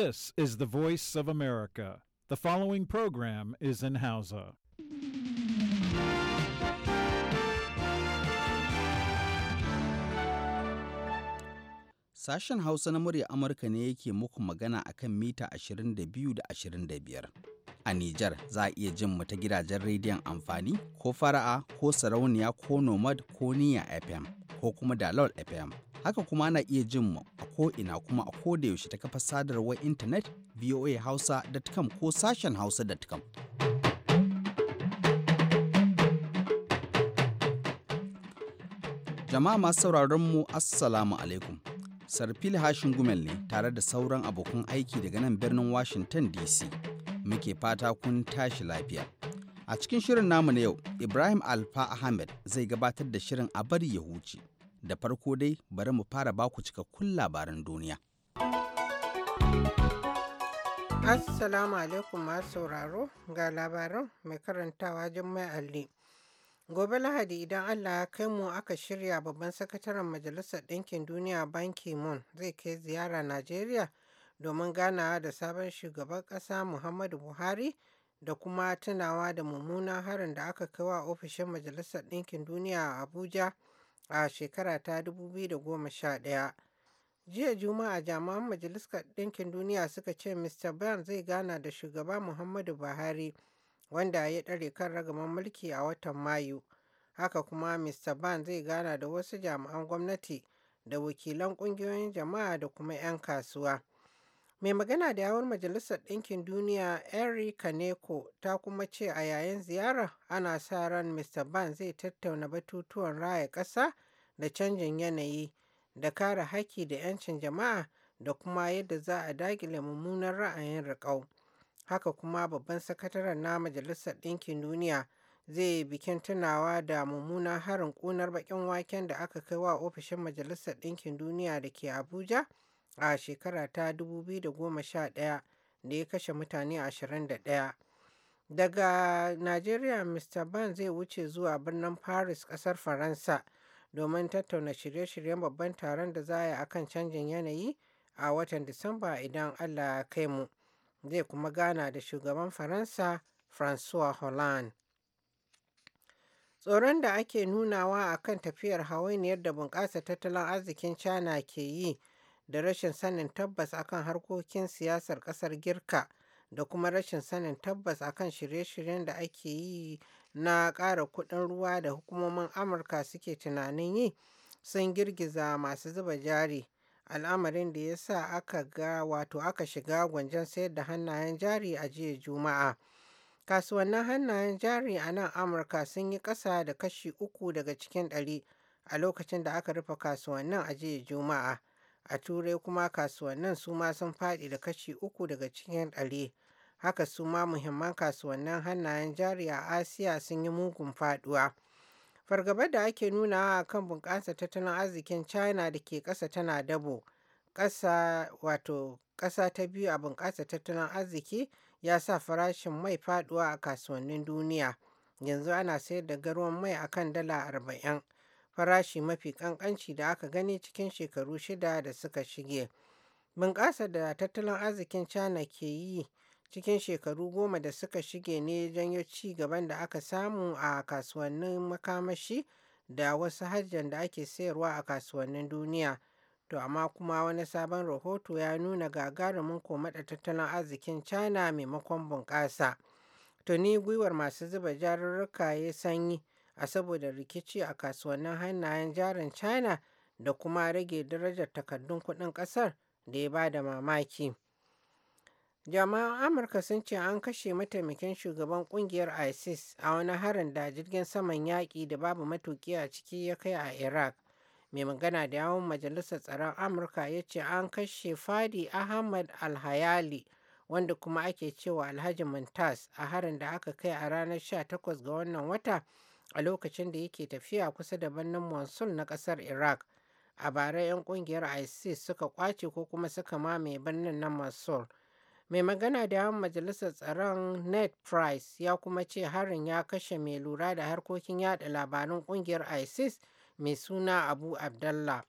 This is the voice of America. The following program is in Hausa. Sashen Hausa na murya Amurka ne yake muku magana a kan mita 22 da 25. A Nijar za a iya jin mu ta gidajen rediyon amfani ko fara'a ko sarauniya ko nomad ko niya FM ko kuma dalol FM. Haka kuma ana iya jin mu a ina kuma a ko da yaushe ta kafa sadarwar intanet voahausa.com ko sashen hausa.com. Jama'a masu sauraron mu Assalamu alaikum. Sarfil Hashin Gumel ne tare da sauran abokan aiki daga nan birnin Washington DC. Muke fata kun tashi lafiya. A cikin shirin namu na yau, Ibrahim Alfa Ahmed zai gabatar da shirin a bari ya huce. da farko dai bari mu fara baku cikakkun labaran duniya. Assalamu alaikum masu sauraro ga labaran mai karantawa Jummai Alli. Gobe Lahadi idan Allah ya kai mu aka shirya babban sakataren Majalisar Ɗinkin Duniya Banki zai kai ziyara Najeriya domin ganawa da sabon shugaban ƙasa Muhammadu Buhari da kuma tunawa da mummunan harin da aka kai wa ofishin Majalisar Ɗinkin Duniya a Abuja. a shekara ta 2011. Jiya Juma'a jami'an Majalisar Ɗinkin Duniya suka ce Mr. Ban zai gana da shugaba Muhammadu Buhari wanda ya ɗare kan ragaman mulki a watan Mayu. Haka kuma Mr. Ban zai gana da wasu jami'an gwamnati da wakilan ƙungiyoyin jama'a da kuma 'yan kasuwa. Mai magana da yawon Majalisar Ɗinkin Duniya henry Kaneko ta kuma ce a yayin ziyara, ana sa ran Mr. Ban zai tattauna batutuwan raya ƙasa da canjin yanayi da kare haƙƙi da 'yancin jama'a da kuma yadda za a dagile mummunan ra'ayin riƙau. Haka kuma babban sakataren na Majalisar Ɗinkin Duniya zai yi bikin tunawa da mummunan harin ƙunar baƙin waken da aka kai wa ofishin Majalisar Ɗinkin Duniya da ke Abuja a shekara ta 2011 da ya kashe mutane 21. Daga Najeriya, Mr. Ban zai wuce zuwa birnin Paris, ƙasar Faransa, domin tattauna shirye-shiryen babban taron da za a yi a canjin yanayi a watan Disamba idan Allah ya kai mu. Zai kuma gana da shugaban Faransa, François Hollande. Tsoron da ake nunawa akan tafiyar hawainiyar da bunƙasa tattalin arzikin China ke yi da rashin sanin tabbas akan harkokin siyasar ƙasar Girka da kuma rashin sanin tabbas akan shirye-shiryen da ake yi na ƙara kuɗin ruwa da hukumomin Amurka suke tunanin yi sun girgiza masu zuba jari. al'amarin da ya sa aka ga wato aka shiga gwanjan sayar da hannayen jari a jiya juma'a kasuwannin hannayen jari a nan amurka sun yi ƙasa da kashi uku daga cikin ɗari a lokacin da aka rufe kasuwannin a jiya juma'a a turai kuma kasuwannin su ma sun faɗi da kashi uku daga cikin ɗari haka su ma muhimman kasuwannin hannayen jari a asiya sun yi mugun faduwa. fargabar da ake nuna a kan bunƙasa tattalin arzikin china da ke ƙasa tana dabo ƙasa wato ƙasa ta biyu a bunƙasa tattalin arziki ya sa farashin mai faduwa a kasuwannin duniya yanzu ana sayar da garwan mai akan dala arba'in farashi mafi kankanci da aka gani cikin shekaru shida da suka shige. Bunƙasar da tattalin arzikin China ke yi cikin shekaru goma da suka shige ne janyo ci gaban da aka samu a kasuwannin makamashi da wasu hajjan da ake sayarwa a kasuwannin duniya. To amma kuma wani sabon rahoto ya nuna gagarumin komaɗa tattalin arzikin China maimakon bunƙasa. Tuni gwiwar masu zuba jarurruka ya sanyi a saboda rikici a kasuwannin hannayen jarin China da kuma rage darajar takardun kuɗin ƙasar da ya ba da mamaki. Jama'an Amurka sun ce an kashe mataimakin shugaban kungiyar ISIS a wani harin da jirgin saman yaƙi da babu matuƙi a ciki ya kai a Iraq. Mai magana da yawon Majalisar Tsaron Amurka ya ce an kashe Fadi Ahmad Alhayali wanda kuma ake cewa Alhaji Muntas a harin da aka kai a ranar 18 ga wannan wata a lokacin da yake tafiya kusa da birnin Mosul na ƙasar Iraq. A bara 'yan ƙungiyar ISIS suka kwace ko kuma suka mamaye birnin na Mosul. Mai magana da yawan majalisar tsaron Ned Price ya kuma ce harin ya kashe mai lura da harkokin yada labarin ƙungiyar ISIS mai suna Abu Abdallah.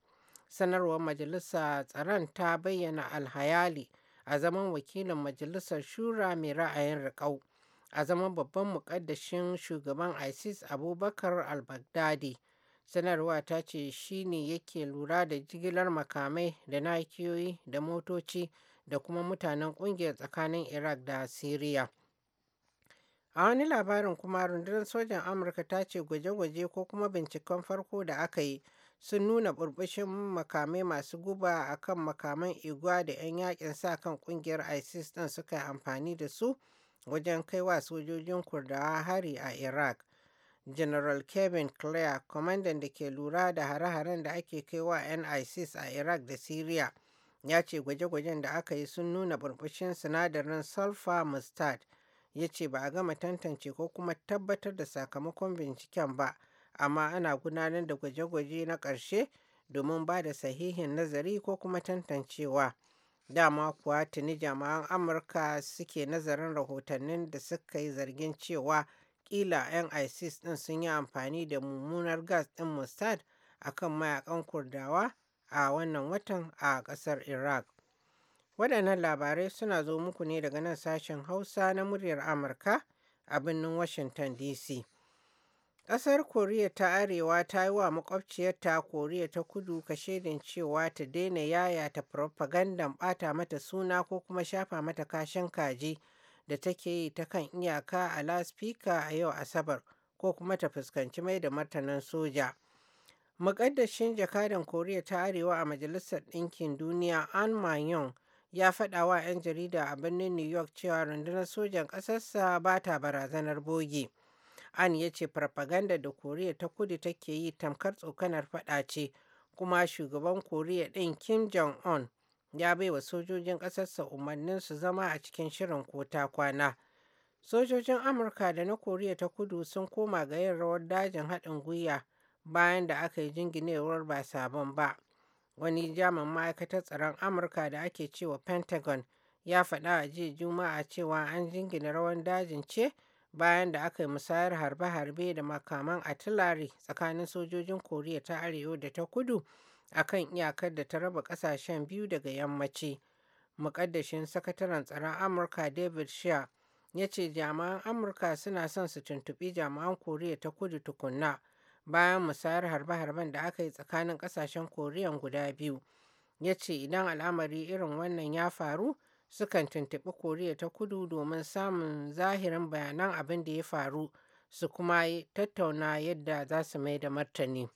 Sanarwar majalisa tsaron ta bayyana alhayali a zaman wakilin majalisar shura mai ra'ayin riƙau. a zaman babban muƙaddashin shugaban isis abubakar al-baghdadi sanarwa ta ce shi ne yake lura da jigilar makamai da nakiyoyi da motoci da kuma mutanen ƙungiyar tsakanin iraq da syria a wani labarin kuma rundunar sojan amurka ta ce gwaje-gwaje ko kuma binciken farko da aka yi sun nuna burbushin makamai masu guba a kan makaman igwa da 'yan yakin sa kan kungiyar isis ɗin suka yi amfani da su wajen kai wa sojojin kurdawa hari a iraq general kevin clare kwamandan da ke lura da hare-haren da ake kai wa yan a iraq da syria ya ce gwaje-gwajen da aka yi sun nuna burbushin sinadarin sulfur mustard ya ce ba a gama tantance ko kuma tabbatar da sakamakon binciken ba amma ana gudanar da gwaje-gwaje na ƙarshe domin ba da sahihin nazari ko kuma tantancewa. Dama kuwa tuni jama'an Amurka suke nazarin rahotannin da suka yi zargin cewa kila 'yan ISIS ɗin sun yi amfani da mummunar gas ɗin Mustad a kan mayakan Kurdawa a wannan watan a ƙasar Iraq. Waɗannan labarai suna zo muku ne daga nan sashen Hausa na muryar Amurka a birnin Washington DC. Ƙasar Koriya ta Arewa ta yi wa makwabciyarta Koriya ta Kudu kashedin cewa ta daina yaya ta farfagandan ɓata mata suna ko kuma shafa mata kashin kaji da take yi ta kan iyaka a laspika a yau Asabar ko kuma ta fuskanci mai da martanin soja. Muƙaddashin jakadan Koriya ta Arewa a Majalisar Ɗinkin Duniya An Manyon ya faɗa wa 'yan jarida a birnin New York cewa rundunar sojan ƙasarsa ba ta barazanar bogi. an ya ce farfaganda da koriya ta kudu take yi tamkar tsokanar faɗa ce kuma shugaban koriya ɗin kim jong-un ya baiwa sojojin ƙasarsa umarnin su zama a cikin shirin ko ta kwana sojojin amurka da na koriya ta kudu sun koma ga yin rawar dajin haɗin gwiwa bayan da aka yi jinginewar ba sabon ba wani jamin ma'aikatar tsaron amurka da ake cewa pentagon ya faɗa a jiya juma'a cewa an jingina rawan dajin ce bayan da aka yi musayar harbe-harbe da makaman artillery tsakanin sojojin koriya ta arewa da ta kudu a kan iyakar da ta raba kasashen biyu daga yammaci mukaddashin sakataren tsaron amurka david shea ya ce jami'an amurka suna son su tuntuɓi jami'an koriya ta kudu tukunna bayan musayar harbe-harben da aka yi tsakanin kasashen koriyan guda biyu ya ce idan al'amari irin wannan ya faru sukan tuntuɓi koriya ta kudu domin samun zahirin bayanan abin da ya faru su kuma tattauna yadda za su mai da martani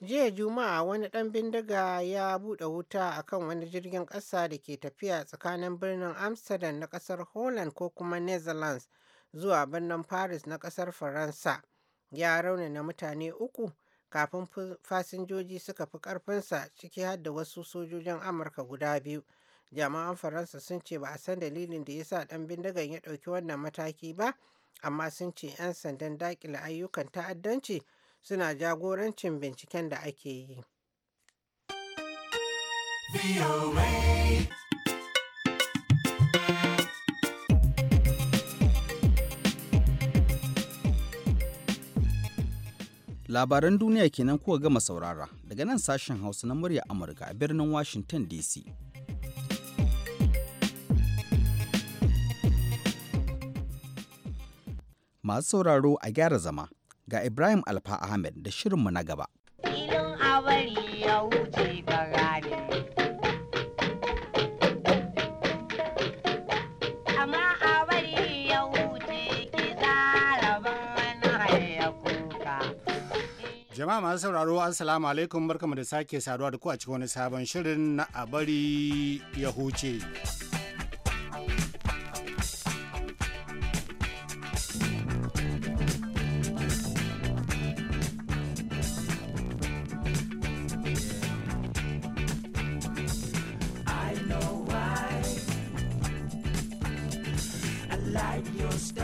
jiya juma'a wani ɗan bindiga ya buɗe wuta a kan wani jirgin ƙasa da ke tafiya tsakanin birnin amsterdam na ƙasar holland ko kuma netherlands zuwa birnin paris na ƙasar faransa ya rauna na mutane uku kafin fasinjoji suka fi ƙarfinsa ciki har da wasu sojojin amurka guda biyu jama'an faransa sun ce ba a san dalilin da ya sa ɗan bindigan ya ɗauki wannan mataki ba amma sun ce 'yan sandan dakile ayyukan ta'addanci suna jagorancin binciken da ake yi labaran duniya kenan kuka gama saurara daga nan sashen hausa na murya amurka a birnin washington dc masu sauraro a gyara zama ga Ibrahim Alfa Ahmed da shirinmu na gaba. Jama'a masu sauraro Assalamu alaikum barkamu da sake saduwa da ku a cikin wani sabon shirin na a ya huce. hide your step.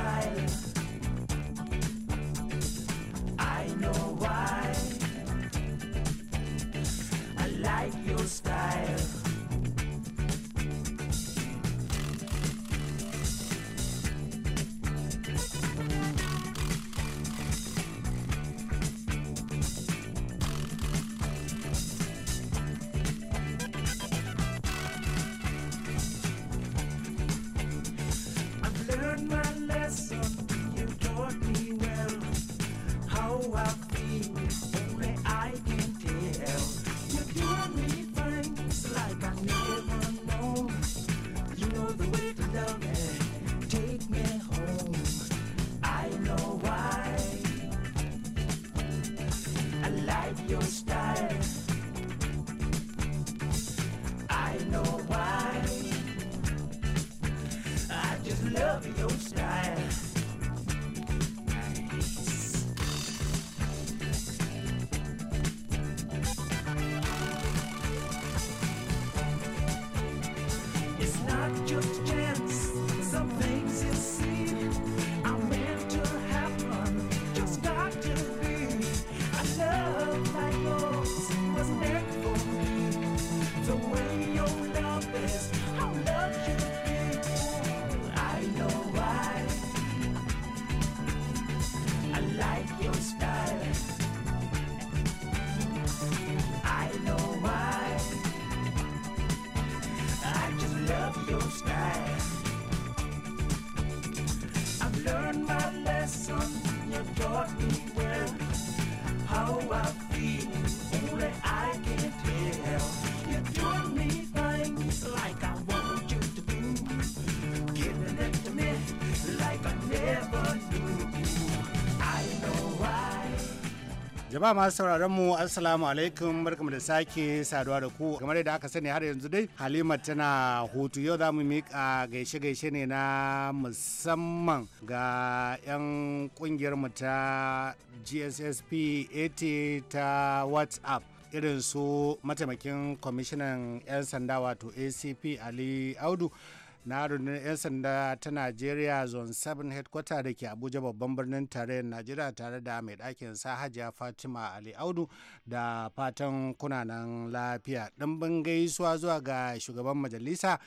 I know why. I like your style. jama'a masu sauraron mu assalamu alaikum barkamu da sake saduwa da ku kamar da aka sani har yanzu dai halima tana hutu yau za mu miƙa gaishe gaishe ne na musamman ga 'yan kungiyar mu ta gssp 80 ta whatsapp irin su mataimakin kwamishinan 'yan sanda wato acp ali audu na rundunar 'yan sanda ta Najeriya zone 7 headquarter da ke Abuja babban birnin tarayyar Najeriya tare da mai ɗakin sa Hajiya Fatima Ali Audu da fatan kunanan lafiya. Ɗimbin gaisuwa zuwa ga shugaban majalisa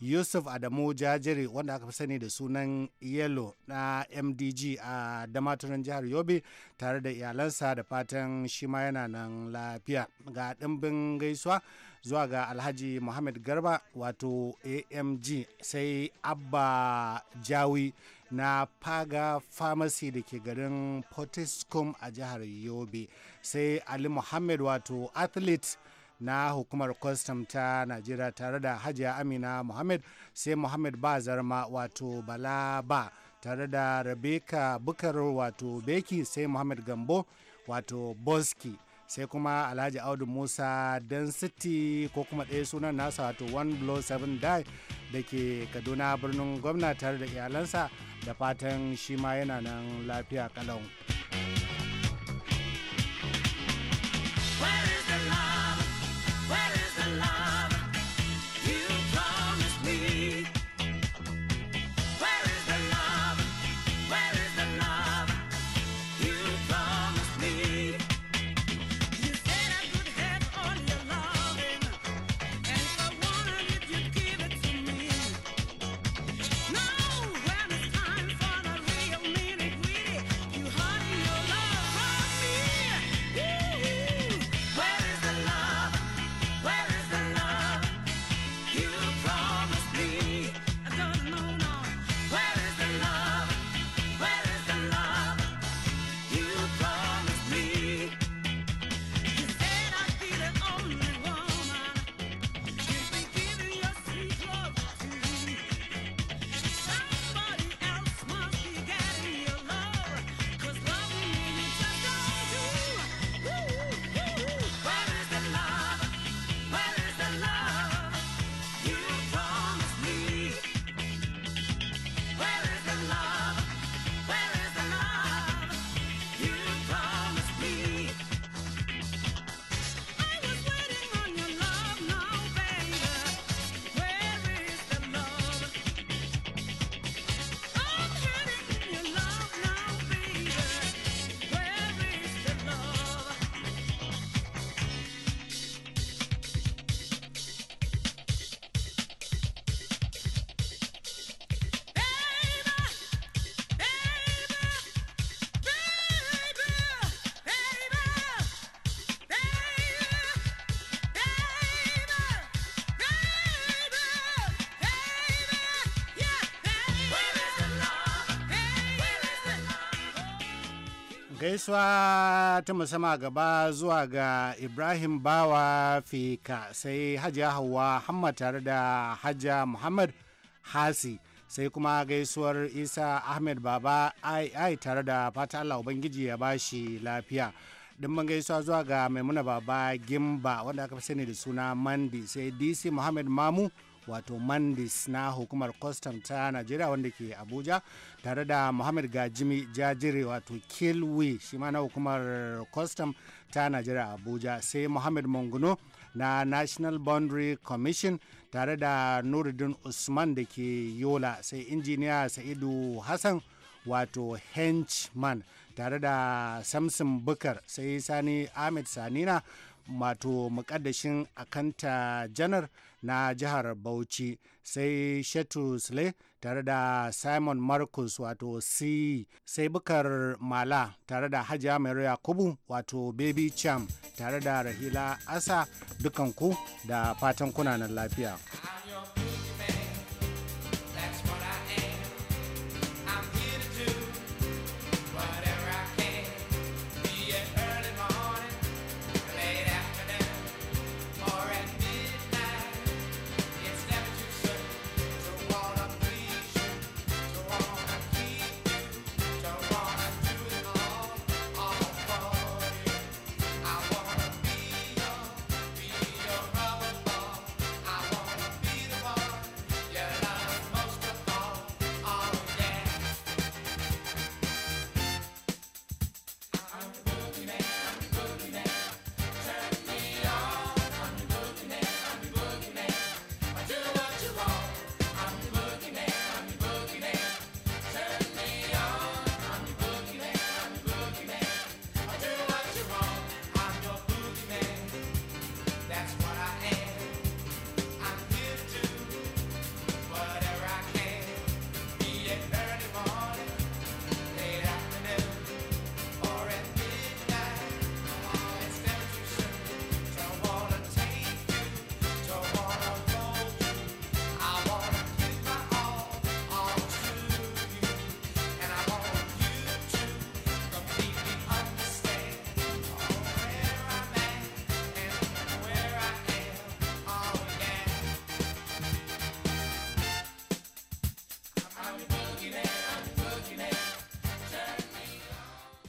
Yusuf Adamu Jajiri wanda aka fi sani da sunan Yelo na MDG a damaturin jihar Yobe tare da iyalansa da fatan shima ma yana nan lafiya. Ga ɗimbin gaisuwa zuwa ga alhaji muhammad garba wato amg sai abba jawi na paga pharmacy da ke garin potiskum a jihar yobe sai ali muhammad wato athlete na hukumar kwastam ta najeriya tare da hajiya amina muhammad sai muhammad ba zarma wato bala ba tare da rebecca bukar wato beki sai muhammad gambo wato boski sai kuma alhaji audu musa density ko kuma ɗaya sunan nasa wato one blow seven die da ke kaduna birnin gwamna tare da iyalansa da fatan shi ma yana nan lafiya kalau. gaisuwa ta musamman gaba zuwa ga ibrahim bawa fika sai hajiya hawa hamma tare da hajja muhammad hasi sai kuma gaisuwar isa ahmed baba ai tare da fata allah ubangiji ya bashi lafiya dimbin gaisuwa zuwa ga maimuna baba gimba wanda aka fi sani da suna mandi sai dc muhammad mamu wato mandis na hukumar kwastam ta najeriya wanda ke abuja tare da muhammad gajimi jajire wato Kilwi shi ma na hukumar kwastam ta najeriya abuja sai muhammad manguno na national boundary commission tare da nuruddin usman da ke yola sai injiniya sa'idu hassan wato henchman tare da samson bukar sai sani ahmed sanina mato mukaddashin akanta janar na jihar bauchi sai shetu sule tare da simon marcus wato c sai bukar mala tare da hajiya mai yakubu wato baby cham tare da rahila asa dukanku da fatan kunanan lafiya.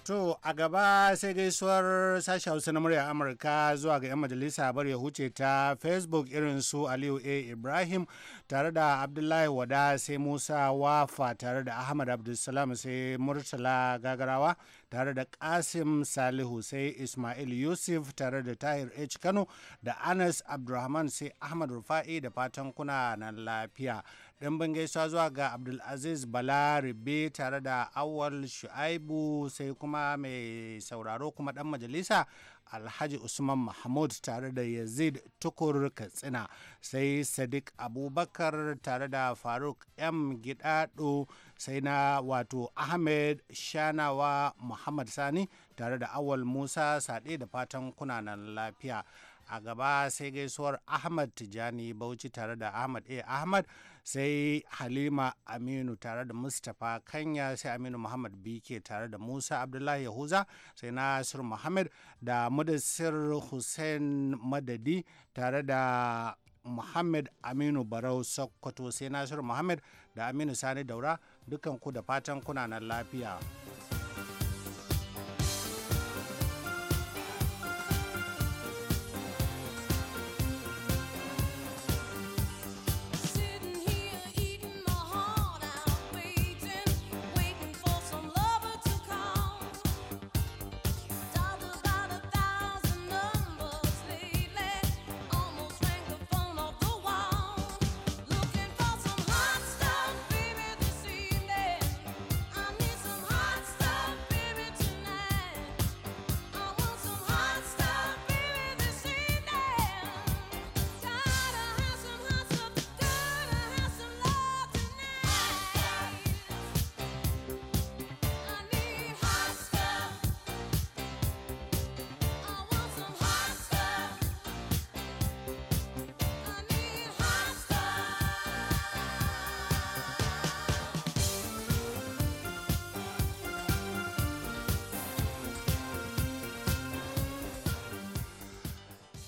To a gaba sai gaisuwar sashi Hausa na murya Amurka zuwa ga 'yan majalisa bar ya huce ta Facebook irin su Aliyu A. Ibrahim tare da Abdullahi Wada sai Musa Wafa tare da Ahmad Abdulsalam sai Murtala Gagarawa tare da Kasim Salihu sai Ismail Yusuf tare da Tahir H. Kano da Anas Abdulrahman sai Ahmad Rufa'i da fatan kuna na lafiya. ɗan gaisuwa zuwa ga abdulaziz bala ribe tare da awal shu'aibu sai kuma mai sauraro kuma ɗan majalisa alhaji usman mahmud tare da yazid tukur katsina sai sadiq abubakar tare da faruk m gidado sai na wato ahmed shanawa muhammad sani tare da awal musa sade da fatan kunanan lafiya a gaba sai gaisuwar ahmad tijani bauchi tare da ahmad a ahmad sai halima aminu tare da mustapha kanya sai aminu muhammad bike tare da musa abdullahi yahuza sai nasiru muhammad da mudassir hussein madadi tare da muhammad aminu barau sokoto sai nasiru muhammad da aminu sani daura dukan ku da fatan kuna nan lafiya.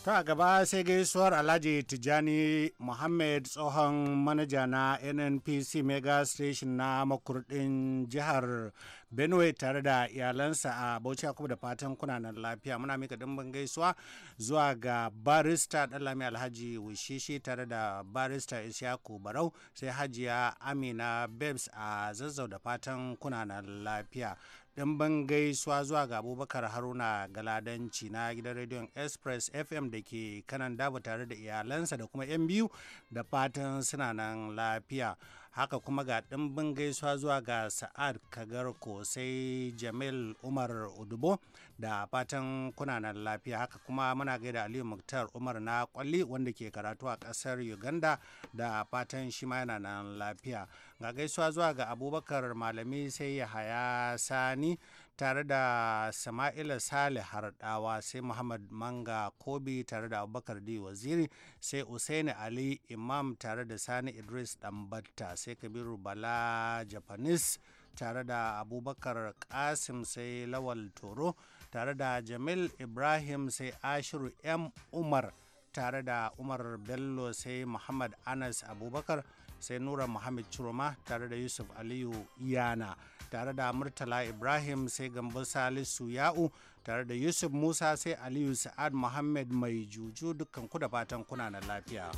ta gaba sai gaisuwar alhaji tijjani muhammad tsohon manaja na nnpc mega station na makurdin jihar benue tare da iyalansa a bauchi yakubu da fatan kunanan lafiya muna mika dimbin gaisuwa zuwa ga barista dalami alhaji wushishi tare da barista ishaku barau sai hajiya amina babes a zazzau da fatan kunanan lafiya ɗimbin gaisuwa zuwa ga abubakar haruna galadanci na gidan rediyon express fm da ke kanan dabu tare da iyalansa da kuma 'yan biyu da fatan suna nan lafiya haka kuma ga ɗimbin gaisuwa zuwa ga sa'ad kagarko sai jamil umar udubo da fatan kuna nan lafiya haka kuma muna gaida aliyu muktar umar na kwalli wanda ke karatu a ƙasar uganda da fatan shi ma yana nan lafiya ga gaisuwa zuwa ga abubakar malami sai ya haya sani tare da sama'ila salih hardawa sai muhammad manga kobi tare da abubakar di waziri sai usaini ali imam tare da sani idris dambatta sai kabiru bala japanese tare da abubakar kasim sai lawal toro tare da jamil ibrahim sai ashiru m umar tare da umar bello sai muhammad anas abubakar sai nura muhammad Chiroma tare da yusuf aliyu yana tare da murtala ibrahim sai gambo salisu ya'u tare da yusuf musa sai aliyu sa'ad muhammad mai juju dukkan ku da fatan kuna na lafiya.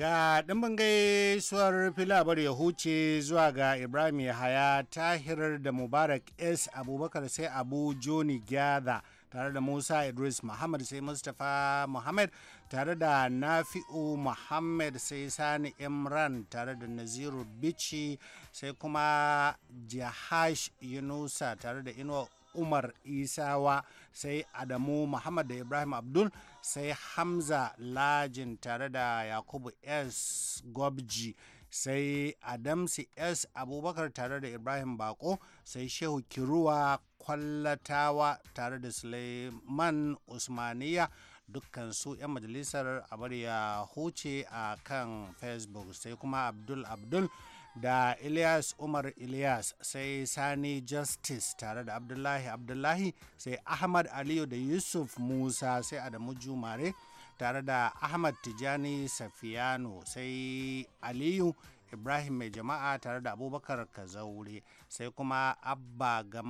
Ga ɗin suwar filabar ya huce zuwa ga Ibrahim Yahaya Tahir da Mubarak S. Abubakar sai Abu Joni Gyada tare da Musa Idris Muhammad sai Mustapha Muhammad tare da Nafi'u Muhammad sai Sani Imran tare da Naziru Bichi sai kuma Jahash Yunusa tare da Inuwa Umar Isawa sai Adamu Muhammad da Ibrahim Abdul sai hamza lajin tare da yakubu s gobji sai adamsi s abubakar tare da ibrahim bako sai shehu kiruwa kwallatawa tare da suleiman usmaniya dukkan su 'yan majalisar abar ya huce a kan facebook sai kuma abdul abdul da Elias Umar Elias sai Sani Justice tare da Abdullahi Abdullahi sai Ahmad Aliyu da Yusuf Musa sai Adamu Jumare tare da Ahmad Tijani Safiyano sai Aliyu Ibrahim mai jama'a tare da Abubakar Kazaure sai kuma Abba ga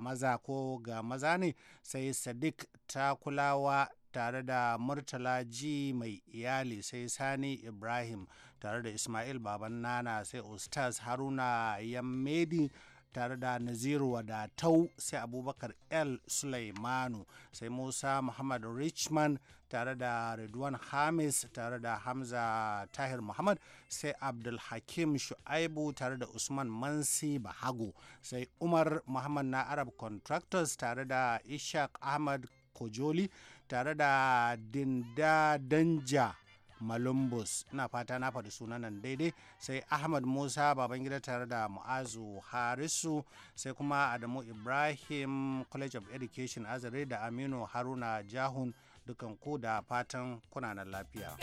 maza ko ga maza ne sai Sadiq Takulawa tare da Murtala Ji mai iyali sai Sani Ibrahim. tare da ismail baban nana sai ustaz haruna yammedi tare da naziru wadatau sai abubakar l sulaimanu sai musa muhammad richman tare da redwan hamis tare da hamza tahir muhammad sai abdulhakim shu'aibu tare da usman mansi bahago sai umar muhammad na arab contractors tare da ishaq ahmad kojoli tare da dinda danja malumbus ina fata na faɗi sunan nan daidai sai ahmad musa baban gida tare da mu'azu harisu sai kuma adamu ibrahim college of education azare da aminu haruna jahun dukan ku da fatan kunanan lafiya.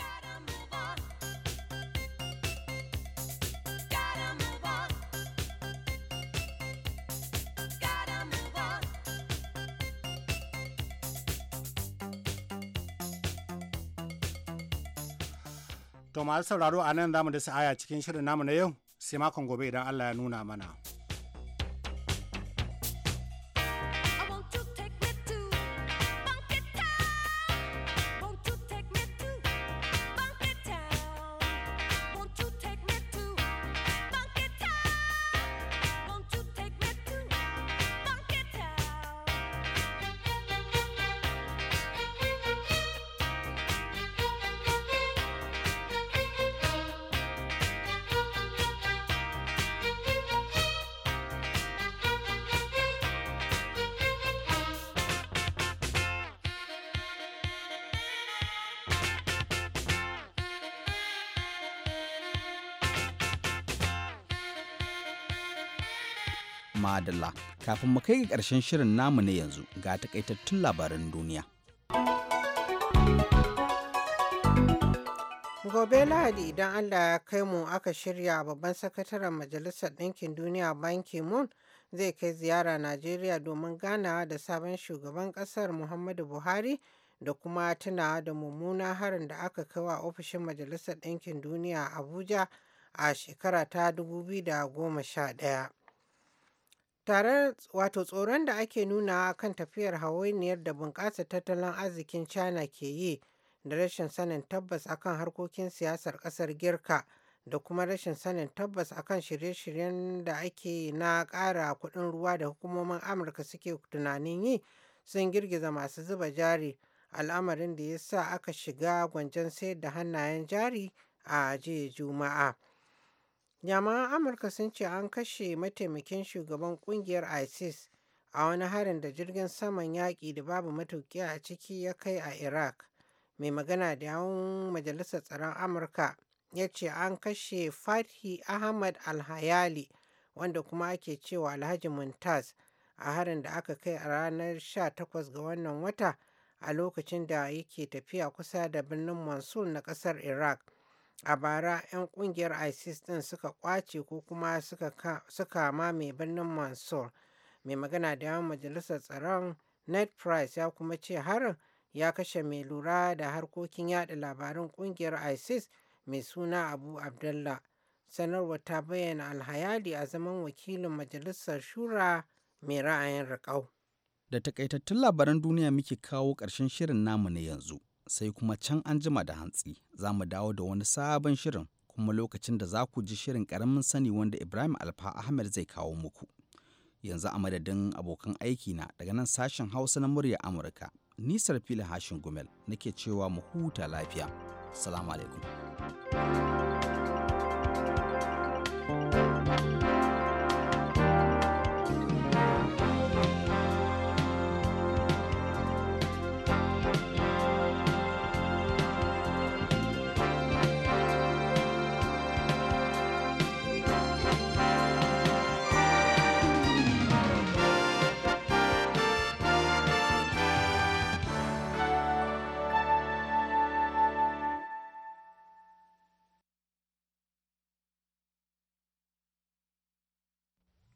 To masu sauraro a nan zamu da sa'aya cikin shirin namu na yau sai makon gobe idan Allah ya nuna mana. madalla kafin mu kai ga ƙarshen shirin namu na yanzu ga takaitattun labaran duniya. gobe lahadi idan allah ya kai mu aka shirya babban sakataren majalisar ɗinkin duniya ban moon zai kai ziyara najeriya domin ganawa da sabon shugaban ƙasar muhammadu buhari da kuma tunawa da mummuna harin da aka kai wa ofishin majalisar ɗinkin duniya abuja a shekara ta 2011 Tare wato tsoron da ake nuna kan tafiyar hawainiyar da bunƙasa tattalin arzikin China ke yi da rashin sanin tabbas akan harkokin siyasar ƙasar Girka da kuma rashin sanin tabbas akan shirye-shiryen da ake na ƙara kuɗin ruwa da hukumomin Amurka suke tunanin yi sun girgiza masu zuba jari al'amarin da ya sa aka shiga gwanjan sayar da hannayen jari a jiya Juma'a. Jama'an Amurka sun ce an kashe mataimakin shugaban kungiyar ISIS a wani harin da jirgin saman yaƙi da babu matuƙi a ciki ya kai a Iraq. Mai magana da yawon Majalisar Tsaron Amurka ya ce an kashe Fathi Ahmad Alhayali wanda kuma ake cewa Alhaji Muntaz a harin da aka kai a ranar 18 ga wannan wata a lokacin da yake tafiya kusa da birnin Mosul na ƙasar Iraq. A bara 'yan kungiyar ISIS din suka kwace ko kuma suka mai birnin mansour Mai magana da yawan majalisar tsaron Ned Price ya kuma ce harin ya kashe mai lura da harkokin yada labarin kungiyar ISIS mai suna Abu Abdullah. Sanarwar ta bayyana alhayali a zaman wakilin majalisar Shura mai ra'ayin rikau. Da takaitattun labaran duniya muke kawo ƙarshen shirin namu na yanzu. sai kuma can an jima da hantsi za mu dawo da wani sabon shirin kuma lokacin da za ku ji shirin karamin sani wanda Ibrahim Alfa Ahmed zai kawo muku. Yanzu a madadin abokan aiki na daga nan sashen Hausa na murya Amurka, nisar fili hashin gumel nake cewa mu huta lafiya. Salamu alaikum.